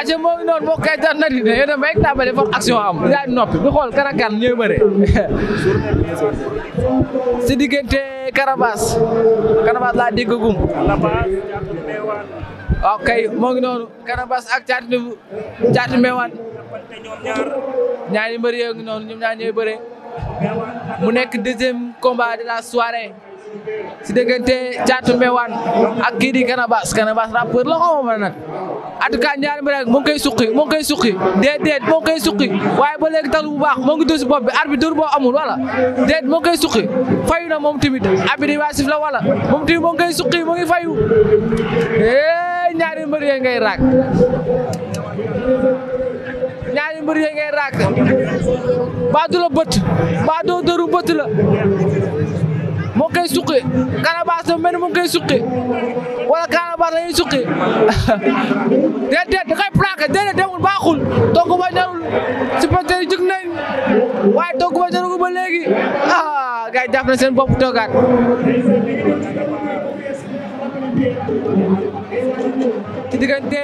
aca moo ngi noonu moo kay tan na ne yéen a may tàmbali fort action am noppi du xool kan ak kan ñooy bëre si diggante Carabas Carabas laa dégg gum waaw moo ngi noonu Carabas ak caati caati meewaan ñaari mbër yooyu ngi noonu ñoom ñaar ñooy bëre mu nekk deuxième combat de la soirée si diggante Thiatou Mbéwane ak kii di Canabasse Canabasse rappeur la xaw ma nag en tout rek mu ngi koy suqi mu ngi koy suqi déedéet mu ngi koy suqi waaye ba léegi talu bu baax moo ngi dóor si bopp bi arbitre dóor boo amul wala déedéet mu ngi koy suqi fayu na moom tamit arbitre yi waa sif la wala moom tamit mu ngi koy suqi mu fayu eh ñaari mbir yee ngay raak ñaari mbir yee ngay raak baa du bët baa doo dóoru bët la koy suqi Canabasse dafa mel ni mu ngi koy suqi wala Canabasse la ñuy suqi déedéet da koy plaqué déedéet demul baaxul togg ba ñorul supporter yi jug nañ waaye togg ba ñorul ba léegi ah gars na seen bopp toogaat. ci diggante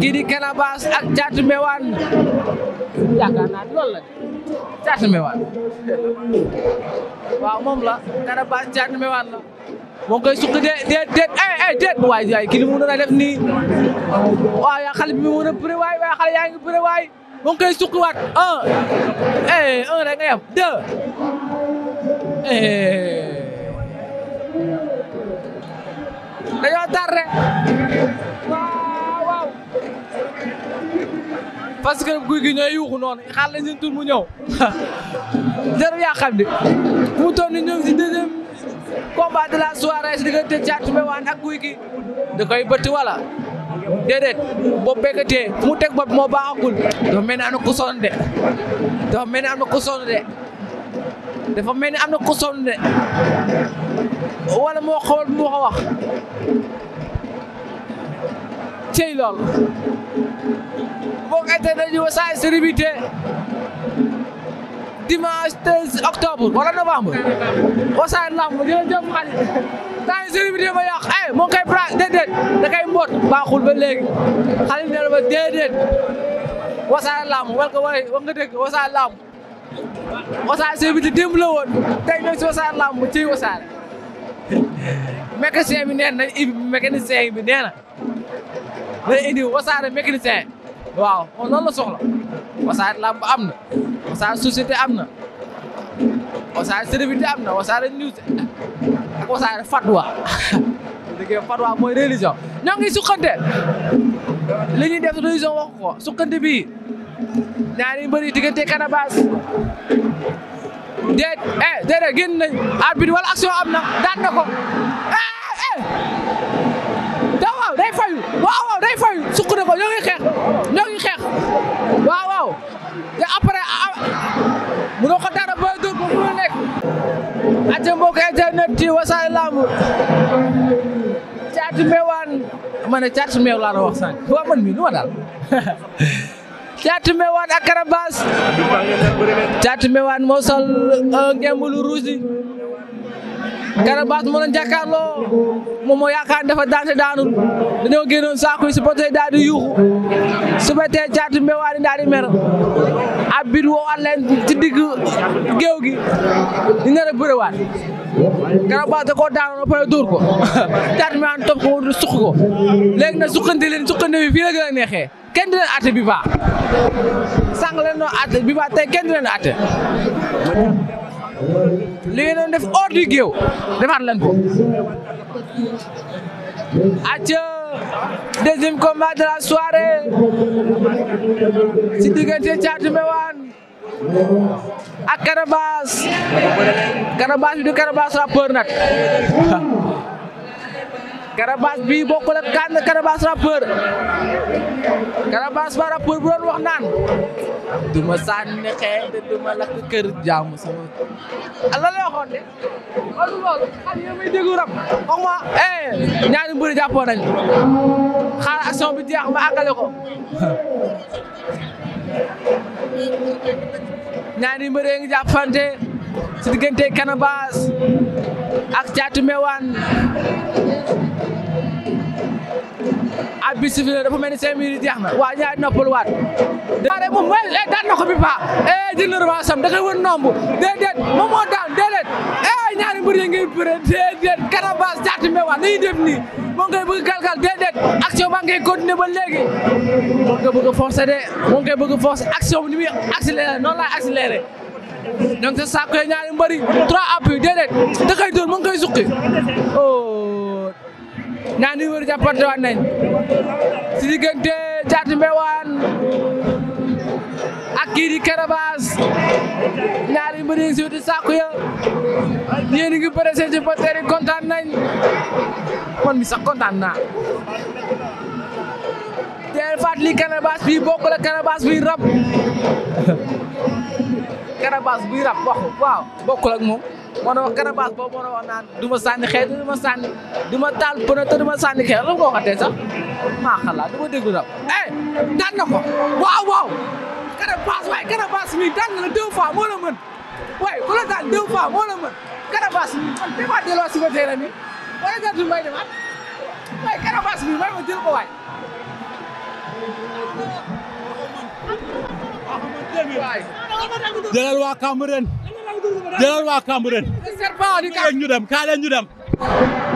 kii di Canabasse ak Thiatou Mbéwane yaakaar caatu Méouane waaw moom la Canabasse caatu Méouane la moo koy suq de déet déet ay eh, ay eh, déet waay waay kii li def nii waaw yaa bi mu mën waay waay xale ngi bëre waay moo koy suq waat un eh un rek nga yem deux eh dañoo tardé parce que guy gi ñooy yuuxu noonu xaar lañ seen mu ñëw jarul yaa xam ne fu mu toll nii ñoo ngi si deuxième combat de la soirée si diggante Thiatou Mbéwane guy gi da koy bëtt wala déedéet bopp bekkatee fu mu teg bopp moo baaxagul dafa mel ni am na ku sonn mel ni am na ku de dafa mel ni am na ku sonn de wala moo xawal moo ko wax cey lool mbokk internet yi Wassare c'est répété dimanche 13 octobre wala novembre Wassare Lamb jërëjëf xarit temps yi c'est ma yàq ay eh, moo ngi koy pra déedéet da koy mboot baaxul ba léegi xarit nee na ma déedéet Wassare Lamb wal way wax dégg Wassare Lamb Wassare c'est répété woon tey ñëw si Wassare Lamb ci Wassare mécanicien bi bi nee day indi wasaare mécanicien waaw moom loolu la soxla wasaare làmb am na wasaare société am na wasaare célébrité am na wasaare news ak wasaare fatwa dëggee fatwa mooy religion ñoo sukkante li ñuy def religion waxu ko sukkante bii ñaari mbëri diggante Canabasse déet eh déedéet génn nañ arbitre wala action am na daan na ko eh, eh, eh. caatu meewaan ma ne caatu laa la wax sànq waaw man mii lu ma daal caatu meewaan ak Canabasse caatu Canabasse moo doon jàkkaarloo moom moo yaakaar dafa daante daanul dañoo génnoon saako yi supporter daal di yuuxu supporter caatu mbewaani daal di mer ab bit woowaat leen ci digg géew gi ñu nar a bëriwaat Canabasse da koo daanoon ba pare dóor ko caatu mbewaani topp ko suq ko léegi nag suqante leen suqante bi fii la gën a neexee kenn di bi baax sànq noo àtte bi baax tey kenn di li ngeen doon def hors du géew defaat lan acca deuxième combat de la soirée si diggante Thiatou Méouane ak Canabasse Canabasse bi du Canabasse rappeur nag Canabasse bii bokkul ak kan Canabasse rappeur Canabasse ba rappeur bu doon wax naan du ma sànni xeer lakk kër jaamu sama ah lan lay waxoon de loolu loolu xam nga may déglu rab eh, bi jeex ma àggale ko. ñaari mbir si diggante Canabasse ak Thiatou Méouane waat bi sifflé dafa mel ni cinq minutes jeex na waa ñaari noppal waat daare moom mooy e daan na ko bi paa e jël revanche am da koy wër nomb déedéet moom moo daan déedéet e ñaari mbër yi ngay bëre déedéet Canabasse Thiatou Mbewaan nañu kalkal déedéet action baa ngay continuer ba léegi moo ngay bëgg forcer de moo ngay bëgg forcer action bi ni muy accéléré noonu laay accéléré donc sa saako ñaari mbëri trois appuis déedéet da koy dóor moo ngi ñaar numéro jàppante waat nañ si diggante Caatu Mbewaan ak kii di Karabaas ñaari mbër si wuti sàkku ya yéen ngi bëre seen supporters yi mi sax kontaan naa teel fàttali Karabaas bii bokk Karabaas bii rab Karabaas bii rab waaw bokkul ak moom wa doon Canabasse boobu moo doon wax naan du ma sànni xeet du ma sànni du ma taal pneu te du ma sànni xeet lan nga ko waxatee sax maa xalaat du ma déglu rab. eh daan na ko waaw waaw la deux fois moo la mën waaye ku la daan deux fois mën Canabasse mi man damaa delloo si ba tey rek nii wala gerte may may ma jël ko waay. jëlal waa Cambérène jëlal waa Cambérène. ñu dem kaa leen ñu dem.